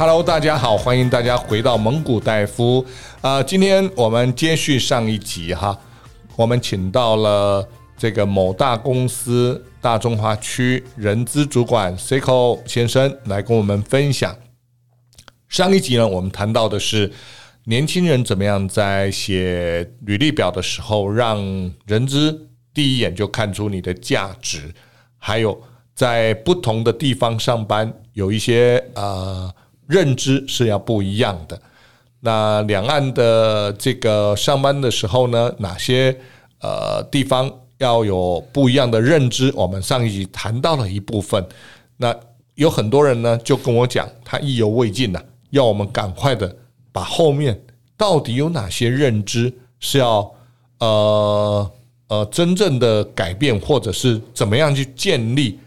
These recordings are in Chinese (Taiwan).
Hello，大家好，歡迎大家回到萌骨戴夫。呃，今天我們接續上一集哈，我們請到了這個某大公司大中華區人資主管 Seiko 先生來跟我們分享。上一集呢，我們談到的是年輕人怎麼樣在寫履歷表的時候，讓人資第一眼就看出你的價值，還有在不同的地方上班有一些呃。認知是要不一樣的。那兩岸的這個上班的時候呢，哪些呃地方要有不一樣的認知？我們上一集談到了一部分。那有很多人呢，就跟我講，他意猶未盡吶啊，要我們趕快的把後面到底有哪些認知是要呃呃真正的改變，或者是怎麼樣去建立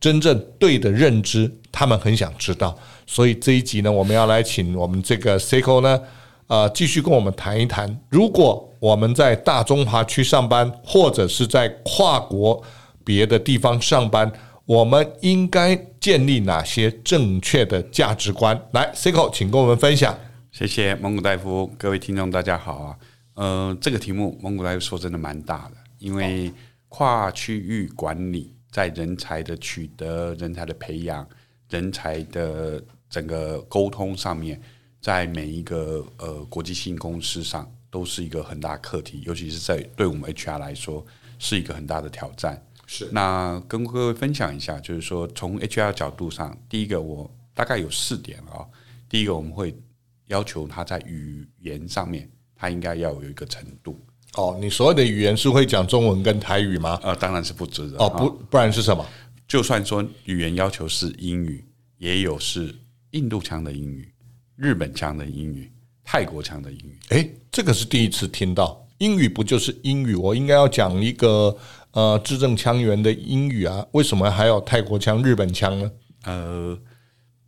真正對的認知，他們很想知道。所以這一集呢，我們要來請我們這個 Seiko 呢，呃，繼續跟我們談一談，如果我們在大中華區上班，或者是在跨國別的地方上班，我們應該建立哪些正確的價值觀？來，Seiko，請跟我們分享。謝謝萌骨戴夫，各位聽眾，大家好啊。嗯、呃，這個題目萌骨戴夫說真的蠻大的，因為跨區域管理在人才的取得、人才的培養、人才的。整個溝通上面，在每一個呃國際性公司上都是一個很大課題，尤其是在對我們 HR 來說是一個很大的挑戰。是，那跟各位分享一下，就是說從 HR 角度上，第一個我大概有四點啊，哦。第一個我們會要求他在語言上面，他應該要有一個程度。哦，你所有的語言是會講中文跟台語嗎？呃，當然是不只的哦，不，不然是什麼？就算說語言要求是英語，也有是。印度腔的英語，日本腔的英語，泰國腔的英語，誒，這個是第一次聽到。英語不就是英語？我應該要講一個呃字正腔圓的英語啊？為什麼還有泰國腔、日本腔呢？呃，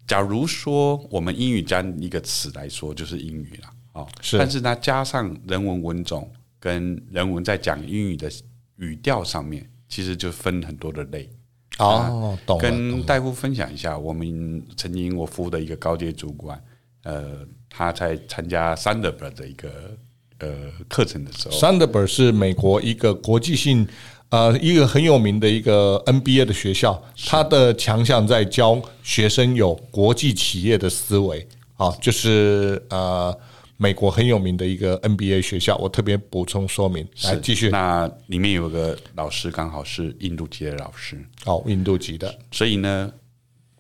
假如說我們英語加一個詞來說，就是英語了啊。哦、是。但是它加上人文文種跟人文在講英語的語調上面，其實就分很多的類。哦，跟戴夫分享一下，我們曾經我服務的一個高階主管，呃，他在參加 Sanderberg 的一個呃課程的時候，Sanderberg 是美國一個國際性，呃，一個很有名的一個 MBA 的學校，他是的強項在教學生有國際企業的思維，啊，就是呃。美國很有名的一個 NBA 學校，我特別補充說明來，是，繼續。那裡面有個老師，剛好是印度籍的老師。哦，印度籍的，所以呢，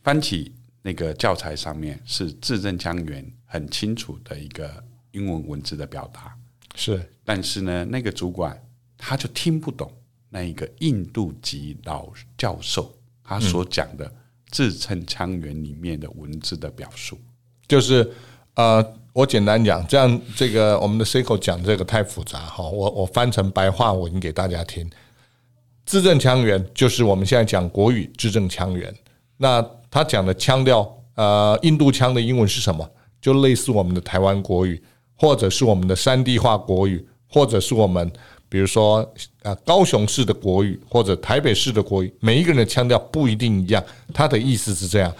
翻起那個教材上面是字正腔圓、很清楚的一個英文文字的表達。是，但是呢，那個主管他就聽不懂那一個印度籍老教授他所講的字正腔圓裡面的文字的表述，嗯、就是呃。我簡單講，這樣，這個我們的 Seiko 講這個太複雜哈，我我翻成白話文給大家聽，字正腔圓就是我們現在講國語，字正腔圓。那他講的腔調，呃，印度腔的英文是什麼？就類似我們的台灣國語，或者是我們的山地話國語，或者是我們比如說啊高雄式的國語，或者台北式的國語，每一個人的腔調不一定一樣。他的意思是這樣。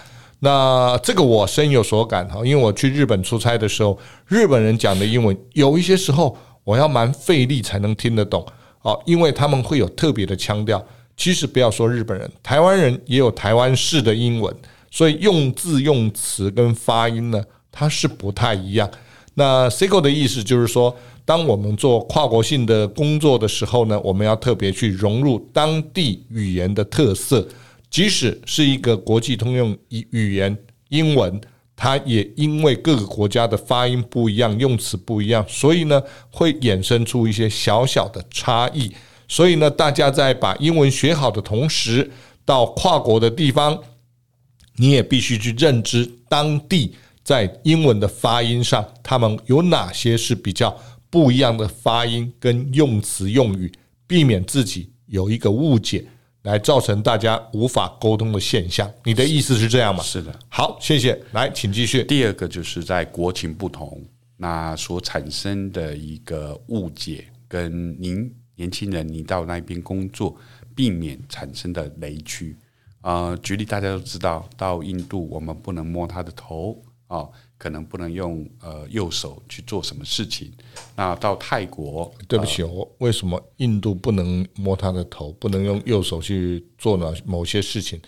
那這個我深有所感哈，因為我去日本出差的時候，日本人講的英文有一些時候我要蠻費力才能聽得懂哦，因為他們會有特別的腔調。其實不要說日本人，台灣人也有台灣式的英文，所以用字用詞跟發音呢，它是不太一樣。那 Seiko 的意思就是說，當我們做跨國性的工作的時候呢，我們要特別去融入當地語言的特色。即使是一個國際通用語語言，英文，它也因為各個國家的發音不一樣、用詞不一樣，所以呢，會衍生出一些小小的差異。所以呢，大家在把英文學好的同時，到跨國的地方，你也必須去認知當地在英文的發音上，他們有哪些是比較不一樣的發音跟用詞用語，避免自己有一個誤解。來造成大家無法溝通的現象，你的意思是這樣嗎？是，是的，好，謝謝，來請繼續。第二個就是在國情不同，那所產生的一個誤解，跟您年輕人，你到那邊工作，避免產生的雷區啊，呃，舉例大家都知道，到印度我們不能摸他的頭。哦，可能不能用呃右手去做什麼事情。那到泰國，對不起，我為什麼印度不能摸他的頭，不能用右手去做的某些事情，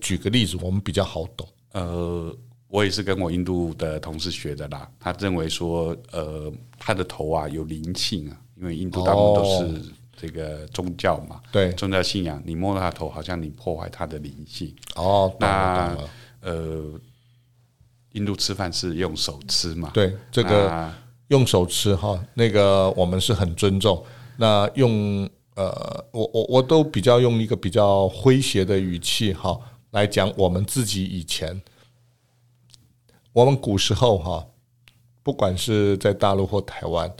舉個例子，我們比較好懂。呃，我也是跟我印度的同事學的啦。他認為說，呃，他的頭啊有靈性啊，因為印度大部分都是這個宗教嘛，對宗教信仰，你摸到他的頭，好像你破壞他的靈性。哦，那呃。印度吃飯是用手吃嘛？對，這個用手吃哈，那個我們是很尊重。那用呃，我我我都比較用一個比較詼諧的語氣哈來講，我們自己以前，我們古時候哈，不管是在大陸或台灣，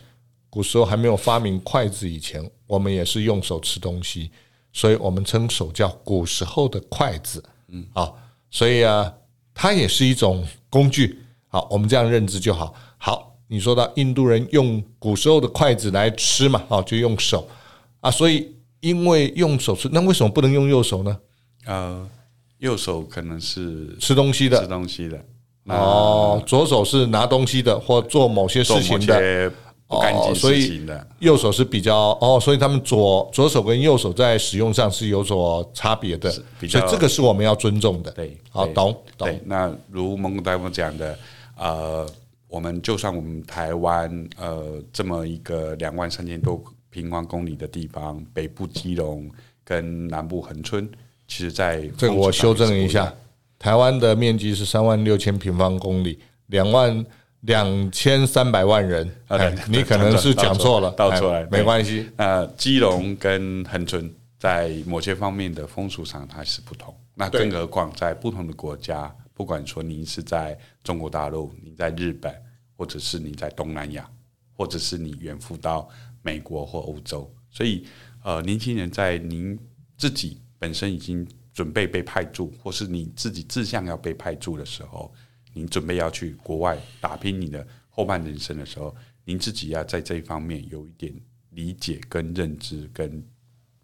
古時候還沒有發明筷子以前，我們也是用手吃東西，所以我們稱手叫古時候的筷子。嗯，啊，所以啊。它也是一種工具，好，我們這樣認知就好。好，你說到印度人用古時候的筷子來吃嘛，哦，就用手啊，所以因為用手吃，那為什麼不能用右手呢？呃，右手可能是吃東西的，吃東西的。哦，左手是拿東西的或做某些事情的。哦，所以右手是比較、嗯、哦，所以他們左、左手跟右手在使用上是有所差別的，所以這個是我們要尊重的。對，對好，懂對，懂動。那如萌骨戴夫講的，呃，我們就算我們台灣呃這麼一個兩萬三千多平方公里的地方，北部基隆跟南部恆春，其實在這個我修正一下，對對台灣的面積是三萬六千平方公里，兩萬。兩千三百萬人，你可能是講錯了，倒出來沒關係。那基隆跟恆春在某些方面的風俗上還是不同。對那更何況在不同的國家，不管說您是在中國大陸，您在日本，或者是你在東南亞，或者是你遠赴到美國或歐洲，所以呃，年輕人在您自己本身已經準備被派駐，或是你自己志向要被派駐的時候。你準備要去國外打拼你的後半人生的時候，您自己要在這一方面有一點理解、跟認知、跟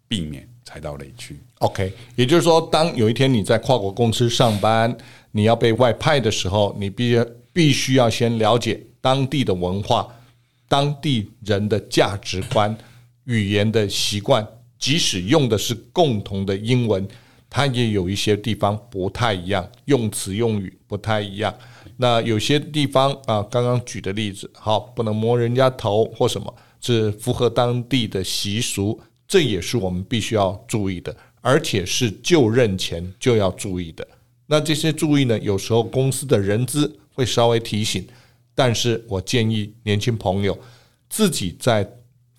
避免踩到雷區。OK，也就是說，當有一天你在跨國公司上班，你要被外派的時候，你必必須要先了解當地的文化、當地人的價值觀、語言的習慣，即使用的是共同的英文。它也有一些地方不太一樣，用詞用語不太一樣。那有些地方啊，剛剛舉的例子，好，不能摸人家頭或什麼，是符合當地的習俗，這也是我們必須要注意的，而且是就任前就要注意的。那這些注意呢，有時候公司的人資會稍微提醒，但是我建議年輕朋友自己在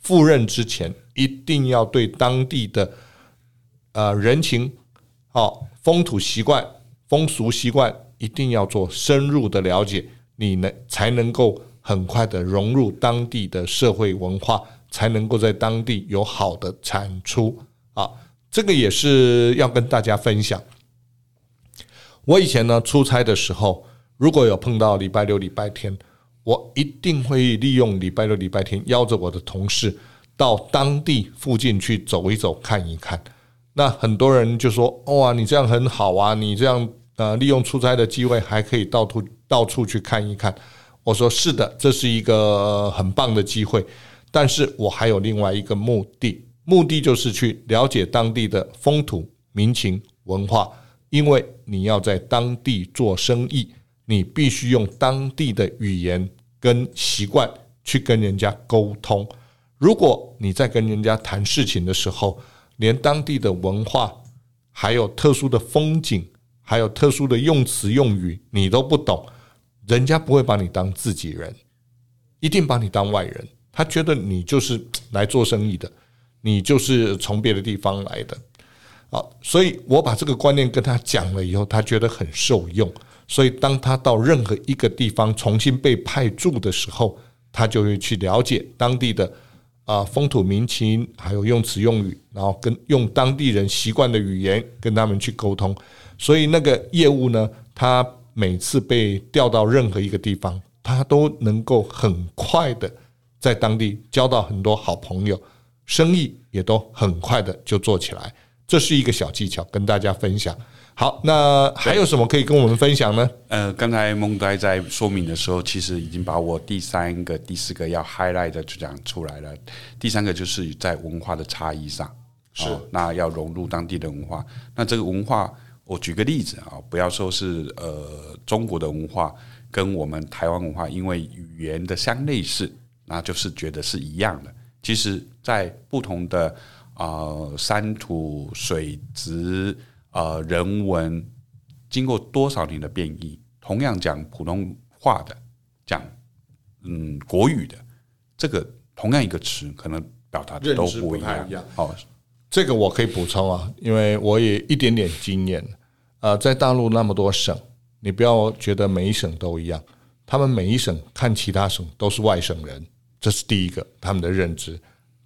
赴任之前，一定要對當地的呃人情。哦，風土習慣、風俗習慣一定要做深入的了解，你能才能夠很快的融入當地的社會文化，才能夠在當地有好的產出啊，哦！這個也是要跟大家分享。我以前呢，出差的時候，如果有碰到禮拜六、禮拜天，我一定會利用禮拜六、禮拜天邀着我的同事到當地附近去走一走、看一看。那很多人就說：“哇，你這樣很好啊！你這樣呃，利用出差的機會還可以到處到處去看一看。”我說：“是的，這是一個很棒的機會，但是我還有另外一個目的，目的就是去了解當地的風土民情文化，因為你要在當地做生意，你必須用當地的語言跟習慣去跟人家溝通。如果你在跟人家談事情的時候，連當地的文化，還有特殊的風景，還有特殊的用詞用語，你都不懂，人家不會把你當自己人，一定把你當外人。他覺得你就是來做生意的，你就是從別的地方來的，啊！所以我把這個觀念跟他講了以後，他覺得很受用。所以當他到任何一個地方重新被派駐的時候，他就會去了解當地的。啊，風土民情，還有用詞用語，然後跟用當地人習慣的語言跟他們去溝通，所以那個業務呢，他每次被調到任何一個地方，他都能夠很快的在當地交到很多好朋友，生意也都很快的就做起來。這是一個小技巧，跟大家分享。好，那還有什麼可以跟我們分享呢？呃，剛才萌骨在說明的時候，其實已經把我第三個、第四個要 highlight 的就講出來了。第三個就是在文化的差異上好，是那要融入當地的文化。那這個文化，我舉個例子啊、哦，不要說是呃中國的文化跟我們台灣文化，因為語言的相類似，那就是覺得是一樣的。其實，在不同的。啊、呃，山土水質，呃，人文，經過多少年的變異，同樣講普通話的，講嗯國語的，這個同樣一個詞，可能表達的都不一樣。哦，Oh. 這個我可以補充啊，因為我也一點點經驗。呃，在大陸那麼多省，你不要覺得每一省都一樣，他們每一省看其他省都是外省人，這是第一個他們的認知。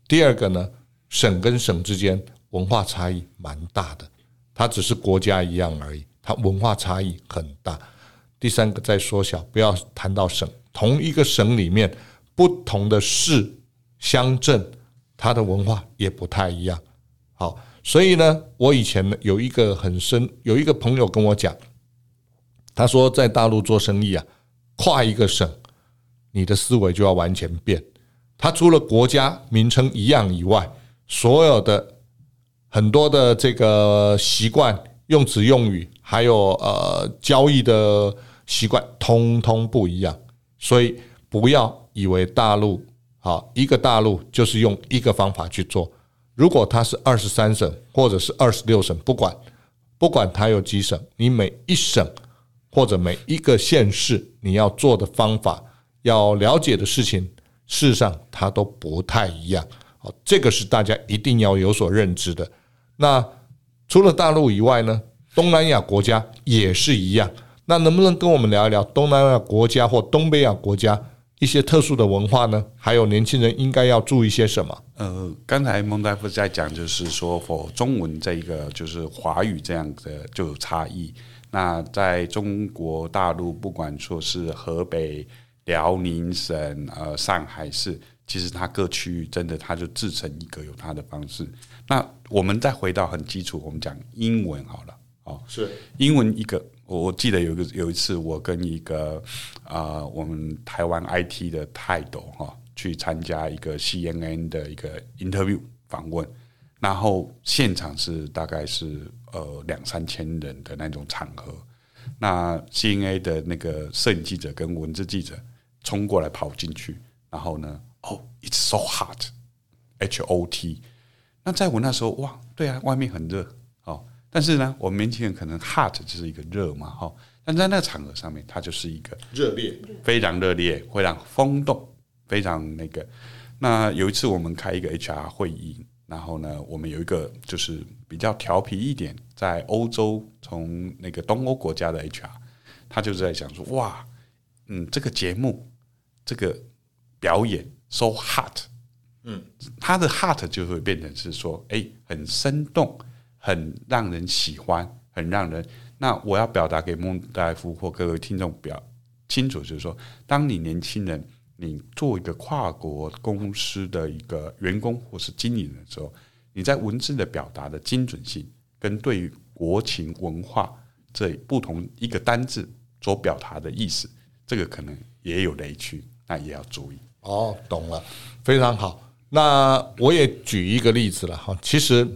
第二個呢？省跟省之間文化差異蠻大的，它只是國家一樣而已，它文化差異很大。第三個再縮小，不要談到省，同一個省裡面不同的市、鄉鎮，它的文化也不太一樣。好，所以呢，我以前有一個很深，有一個朋友跟我講，他說在大陸做生意啊，跨一個省，你的思維就要完全變。他除了國家名稱一樣以外，所有的很多的這個習慣、用詞、用語，還有呃交易的習慣，通通不一樣。所以不要以為大陸，好，一個大陸就是用一個方法去做。如果它是二十三省或者是二十六省，不管不管它有幾省，你每一省或者每一個縣市，你要做的方法、要了解的事情，事實上它都不太一樣。好，這個是大家一定要有所認知的。那除了大陸以外呢，東南亞國家也是一樣。那能不能跟我們聊一聊東南亞國家或東北亞國家一些特殊的文化呢？還有年輕人應該要注意些什麼？呃，剛才孟大夫在講，就是說否中文這一個就是華語這樣的就有差異。那在中國大陸，不管說是河北、遼寧省，呃，上海市。其實它各區域真的，它就自成一格，有它的方式。那我們再回到很基礎，我們講英文好了，哦，是英文一個。我記得有個有一次，我跟一個啊、呃，我們台灣 IT 的泰斗哈，去參加一個 CNN 的一個 interview 訪問，然後現場是大概是呃兩三千人的那種場合。那 CNA 的那個攝影記者跟文字記者衝過來跑進去，然後呢？哦、oh, it's so hot, H O T。那在我那時候，哇，對啊，外面很熱哦。但是呢，我們年輕人可能 hot 就是一個熱嘛，哈、哦。但在那個場合上面，它就是一個熱烈，非常熱烈，非常風動，非常那個。那有一次我們開一個 H R 會議，然後呢，我們有一個就是比較調皮一點，在歐洲從那個東歐國家的 H R，他就是在想說，哇，嗯，這個節目，這個表演。So hot 嗯，他的 heart 就會變成是說，哎，很生動，很讓人喜歡，很讓人。那我要表達給萌骨戴夫或各位聽眾表清楚，就是說，當你年輕人，你做一個跨國公司的一個員工或是經理的時候，你在文字的表達的精準性跟對於國情文化這不同一個單字所表達的意思，這個可能也有雷區，那也要注意。哦，懂了，非常好。那我也舉一個例子了哈。其實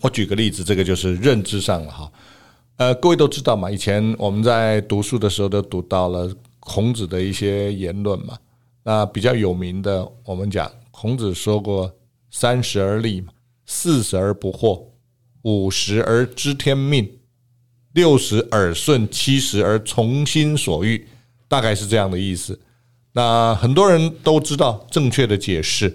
我舉個例子，這個就是認知上了哈。呃，各位都知道嘛，以前我們在讀書的時候都讀到了孔子的一些言論嘛。那比較有名的，我們講孔子說過：“三十而立嘛，四十而不惑，五十而知天命，六十而耳順，七十而從心所欲，大概是這樣的意思。”那很多人都知道正確的解釋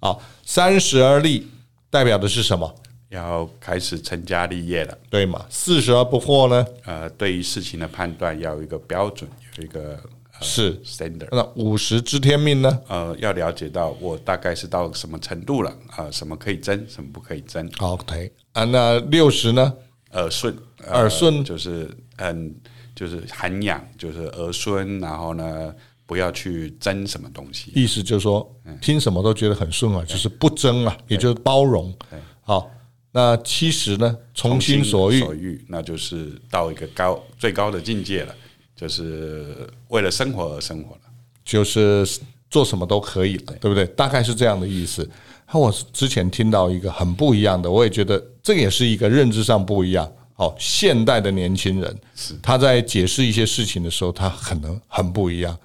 啊，三十而立代表的是什麼？要開始成家立業了，對嗎？四十而不惑呢？呃，對於事情的判斷要有一個標準，有一個、呃、是 standard。那五十知天命呢？呃，要了解到我大概是到什麼程度了啊、呃？什麼可以爭，什麼不可以爭？OK 啊，那六十呢？耳順，耳、呃、順，就是嗯，就是涵養，就是耳順，然後呢？不要去爭什麼東西，意思就是說，聽什麼都覺得很順耳，就是不爭啊，也就是包容。好，那其實呢，從心所欲，那就是到一個高最高的境界了，就是為了生活而生活了，就是做什麼都可以了，對不對？大概是這樣的意思。那我之前聽到一個很不一樣的，我也覺得這也是一個認知上不一樣。哦，現代的年輕人，他在解釋一些事情的時候，他可能很不一樣。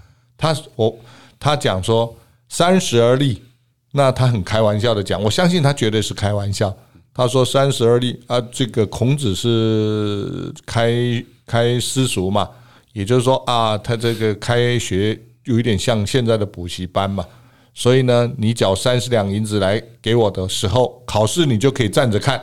他我、哦、他講說三十而立，那他很開玩笑的講，我相信他絕對是開玩笑。他說三十而立啊，這個孔子是開開私塾嘛，也就是說啊，他這個開學有一點像現在的補習班嘛，所以呢，你繳三十兩銀子來給我的時候，考試你就可以站着看。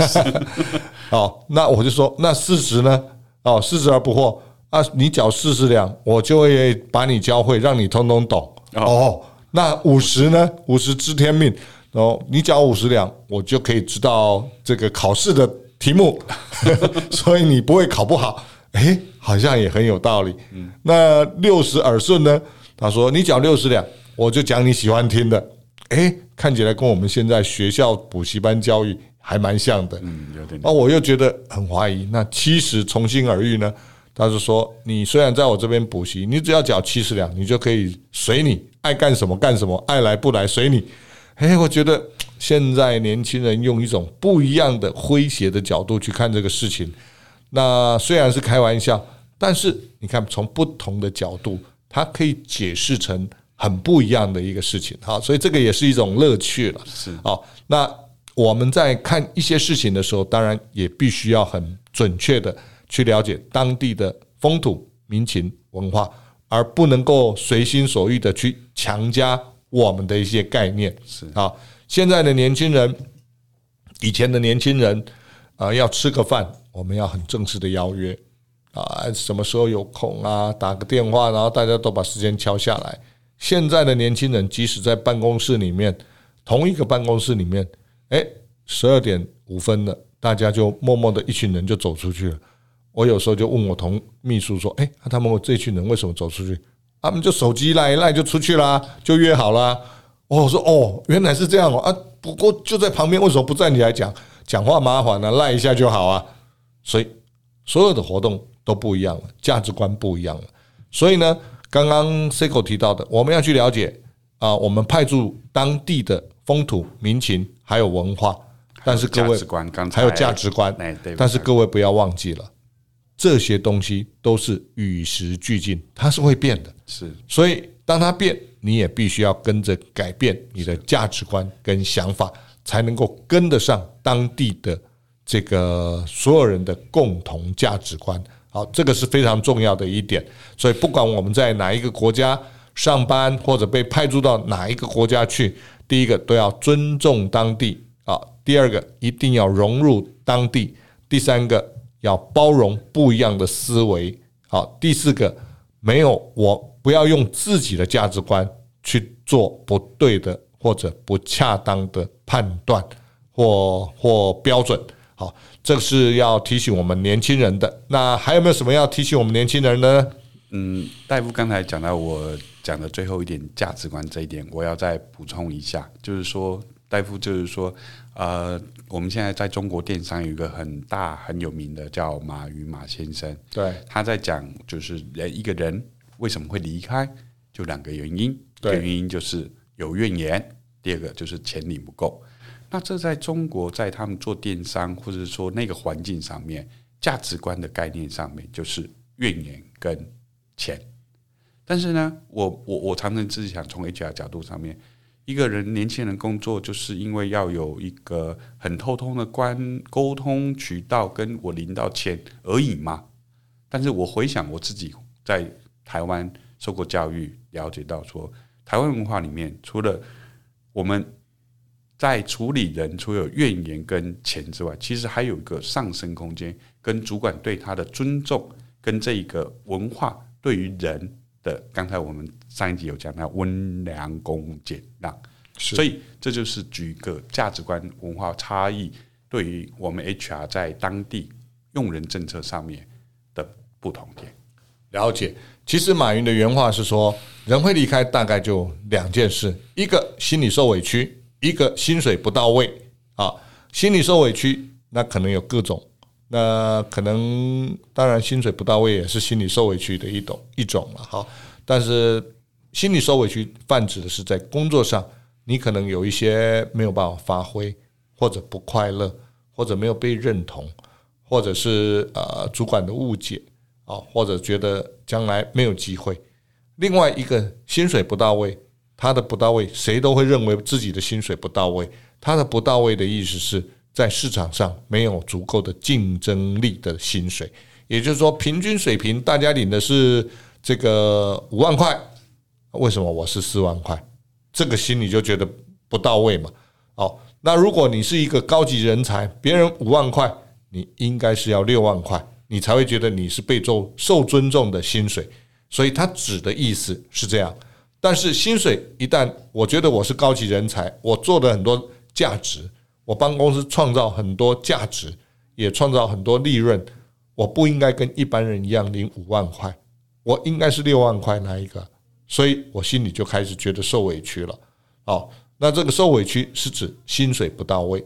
是 哦，那我就說那四十呢？哦，四十而不惑。啊，你繳四十兩，我就會把你教會，讓你通通懂哦。Oh. 那五十呢？五十知天命，你繳五十兩，我就可以知道這個考試的題目，所以你不會考不好。哎，好像也很有道理。那六十耳順呢？他說你繳六十兩，我就講你喜歡聽的。哎，看起來跟我們現在學校補習班教育還蠻像的。嗯，有點。那我又覺得很懷疑。那七十從心而欲呢？他就說，你雖然在我這邊補習，你只要繳七十兩，你就可以隨你愛幹什麼幹什麼，愛來不來隨你。哎，我覺得現在年輕人用一種不一樣的詼諧的角度去看這個事情，那雖然是開玩笑，但是你看從不同的角度，它可以解釋成很不一樣的一個事情。好，所以這個也是一種樂趣了。是哦，那我們在看一些事情的時候，當然也必須要很準確的。去了解當地的風土民情、文化，而不能夠隨心所欲的去強加我們的一些概念。是啊，現在的年輕人，以前的年輕人，啊，要吃個飯，我們要很正式的邀約，啊，什麼時候有空啊，打個電話，然後大家都把時間敲下來。現在的年輕人，即使在辦公室裡面，同一個辦公室裡面，哎，十二點五分了，大家就默默的一群人就走出去了。我有時候就問我同秘書說、欸：“哎、啊，他們這群人為什麼走出去？他、啊、們就手機 LINE 一 LINE 就出去啦，就約好了。哦”我說：“哦，原來是這樣哦啊！不過就在旁邊為什麼不站起來講？講話麻煩呢、啊，LINE 一下就好啊。”所以所有的活動都不一樣了，價值觀不一樣了。所以呢，剛剛 Seiko 提到的，我們要去了解啊，我們派駐當地的風土民情還有文化，但是各位還有價值觀，值觀欸，但是各位不要忘記了。這些東西都是與時俱進，它是會變的，是。所以，當它變，你也必須要跟着改變你的價值觀跟想法，才能夠跟得上當地的這個所有人的共同價值觀。好，這個是非常重要的一點。所以，不管我們在哪一個國家上班，或者被派駐到哪一個國家去，第一個都要尊重當地啊，第二個一定要融入當地，第三個。要包容不一樣的思維，好。第四個，沒有我不要用自己的價值觀去做不對的或者不恰當的判斷或或標準。好，這是要提醒我們年輕人的。那還有沒有什麼要提醒我們年輕人呢？嗯，戴夫剛才講到我講的最後一點價值觀這一點，我要再補充一下，就是說戴夫就是說呃。我們現在在中國電商有一個很大很有名的叫馬雲馬先生，對，他在講就是人一個人為什麼會離開，就兩個原因，對，原因就是有怨言，第二個就是錢領不夠。那這在中國在他們做電商或者說那個環境上面，價值觀的概念上面就是怨言跟錢，但是呢我，我我我常常自己想從 HR 角度上面。一個人年輕人工作，就是因為要有一個很暢通的關溝通渠道，跟我領到錢而已嘛。但是我回想我自己在台灣受過教育，了解到說，台灣文化裡面，除了我們在處理人，除了怨言跟錢之外，其實還有一個上升空間，跟主管對他的尊重，跟這一個文化對於人的，剛才我們。上一集有講到溫良恭儉讓，所以這就是舉一個價值觀文化差異對於我們 HR 在當地用人政策上面的不同點。了解，其實馬雲的原話是說，人會離開大概就兩件事，一個心裡受委屈，一個薪水不到位。啊，心裡受委屈，那可能有各種，那可能當然薪水不到位也是心裡受委屈的一種一種了。好，但是。心理受委屈，泛指的是在工作上，你可能有一些沒有辦法發揮，或者不快樂，或者沒有被認同，或者是呃主管的誤解啊，或者覺得將來沒有機會。另外一個薪水不到位，他的不到位，誰都會認為自己的薪水不到位。他的不到位的意思是在市場上沒有足夠的競爭力的薪水，也就是說平均水平大家領的是這個五萬塊。為什麼我是四萬塊？這個心你就覺得不到位嘛。哦，那如果你是一個高級人才，別人五萬塊，你應該是要六萬塊，你才會覺得你是被受受尊重的薪水。所以他指的意思是這樣。但是薪水一旦我覺得我是高級人才，我做了很多價值，我幫公司創造很多價值，也創造很多利潤，我不應該跟一般人一樣領五萬塊，我應該是六萬塊，哪一個？所以我心裡就開始覺得受委屈了，好，那這個受委屈是指薪水不到位，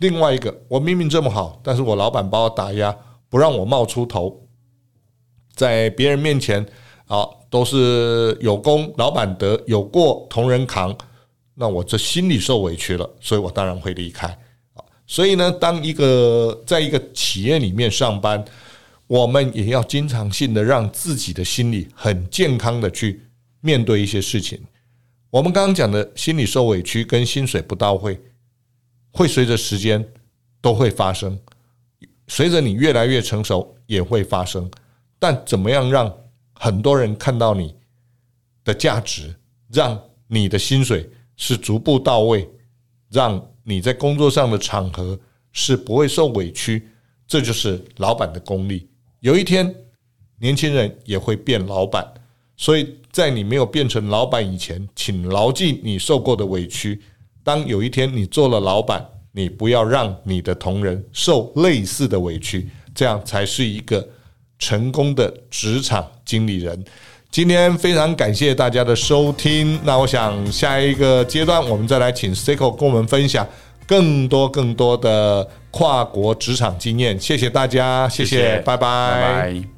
另外一個我明明這麼好，但是我老板把我打壓，不讓我冒出頭，在別人面前啊、哦、都是有功，老板得有過，同仁扛，那我這心裡受委屈了，所以我當然會離開啊。所以呢，當一個在一個企業裡面上班，我們也要經常性的讓自己的心理很健康的去。面對一些事情，我們剛剛講的心理受委屈跟薪水不到位，會隨着時間都會發生，隨着你越來越成熟也會發生。但怎麼樣讓很多人看到你的價值，讓你的薪水是逐步到位，讓你在工作上的場合是不會受委屈，這就是老板的功力。有一天，年輕人也會變老板，所以。在你沒有變成老闆以前，請牢記你受過的委屈。當有一天你做了老闆，你不要讓你的同仁受類似的委屈，這樣才是一個成功的職場經理人。今天非常感謝大家的收聽。那我想下一個階段，我們再來請 Seiko 跟我們分享更多更多的跨國職場經驗。謝謝大家，謝謝，謝謝拜拜。拜拜。